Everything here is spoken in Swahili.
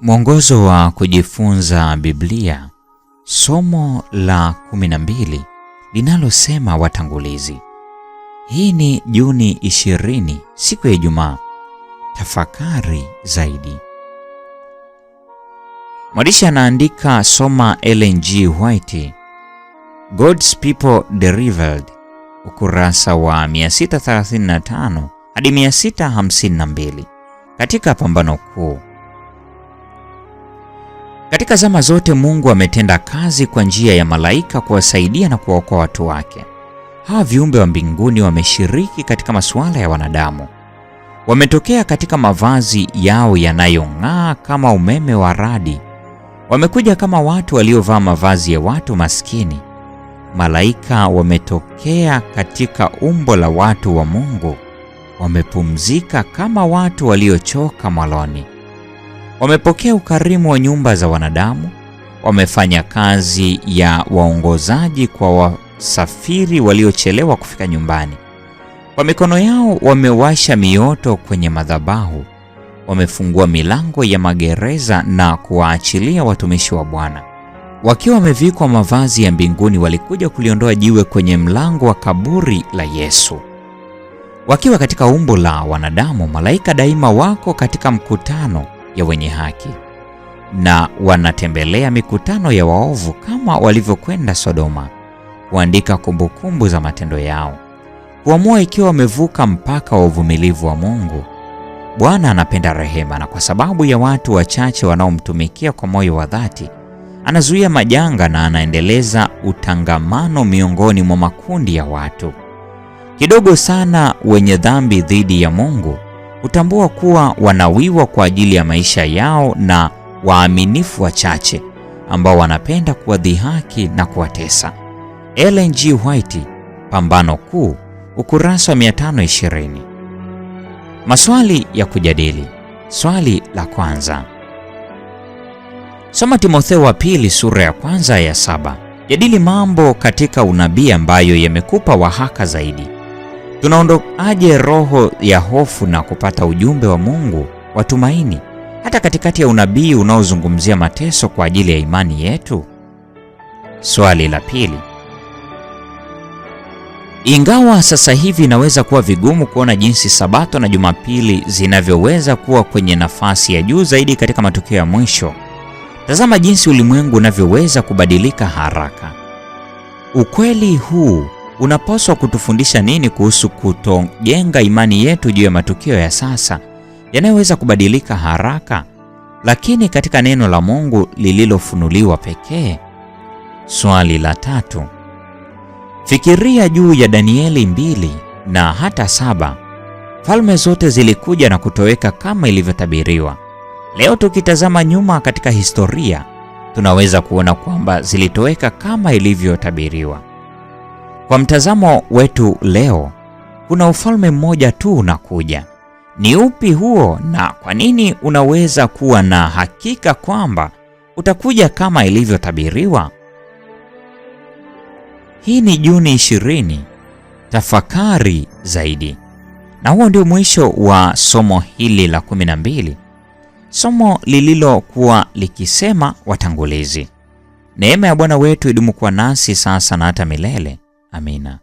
Mwongozo wa kujifunza Biblia, somo la 12 linalosema watangulizi. Hii ni Juni 20, siku ya Ijumaa. Tafakari zaidi. Mwandishi anaandika, soma Ellen G. White, God's People Derived, ukurasa wa 635 hadi 652, katika Pambano Kuu. Katika zama zote Mungu ametenda kazi kwa njia ya malaika kuwasaidia na kuwaokoa watu wake. Hawa viumbe wa mbinguni wameshiriki katika masuala ya wanadamu. Wametokea katika mavazi yao yanayong'aa kama umeme wa radi. Wamekuja kama watu waliovaa mavazi ya watu maskini. Malaika wametokea katika umbo la watu wa Mungu. Wamepumzika kama watu waliochoka mwaloni wamepokea ukarimu wa nyumba za wanadamu, wamefanya kazi ya waongozaji kwa wasafiri waliochelewa kufika nyumbani. Kwa mikono yao wamewasha mioto kwenye madhabahu, wamefungua milango ya magereza na kuwaachilia watumishi wa Bwana. Wakiwa wamevikwa mavazi ya mbinguni, walikuja kuliondoa jiwe kwenye mlango wa kaburi la Yesu. Wakiwa katika umbo la wanadamu, malaika daima wako katika mkutano ya wenye haki na wanatembelea mikutano ya waovu kama walivyokwenda Sodoma, kuandika kumbukumbu za matendo yao, kuamua ikiwa wamevuka mpaka wa uvumilivu wa Mungu. Bwana anapenda rehema, na kwa sababu ya watu wachache wanaomtumikia kwa moyo wa dhati, anazuia majanga na anaendeleza utangamano miongoni mwa makundi ya watu. Kidogo sana wenye dhambi dhidi ya Mungu hutambua kuwa wanawiwa kwa ajili ya maisha yao na waaminifu wachache ambao wanapenda kuwadhihaki na kuwatesa. Ellen G. White, Pambano Kuu, ukurasa wa 520. Maswali ya kujadili. Swali la kwanza. Soma Timotheo wa pili sura ya kwanza ya saba. Jadili mambo katika unabii ambayo yamekupa wahaka zaidi tunaondokaje roho ya hofu na kupata ujumbe wa Mungu wa tumaini hata katikati ya unabii unaozungumzia mateso kwa ajili ya imani yetu? Swali la pili. Ingawa sasa hivi inaweza kuwa vigumu kuona jinsi Sabato na Jumapili zinavyoweza kuwa kwenye nafasi ya juu zaidi katika matukio ya mwisho, tazama jinsi ulimwengu unavyoweza kubadilika haraka. Ukweli huu unapaswa kutufundisha nini kuhusu kutojenga imani yetu juu ya matukio ya sasa yanayoweza kubadilika haraka, lakini katika neno la Mungu lililofunuliwa pekee? Swali la tatu. Fikiria juu ya Danieli mbili na hata saba. Falme zote zilikuja na kutoweka kama ilivyotabiriwa. Leo tukitazama nyuma katika historia, tunaweza kuona kwamba zilitoweka kama ilivyotabiriwa. Kwa mtazamo wetu leo, kuna ufalme mmoja tu unakuja. Ni upi huo, na kwa nini unaweza kuwa na hakika kwamba utakuja kama ilivyotabiriwa? Hii ni Juni 20. Tafakari zaidi. Na huo ndio mwisho wa somo hili la 12, somo lililokuwa likisema watangulizi. Neema ya Bwana wetu idumu kuwa nasi sasa na hata milele. Amina.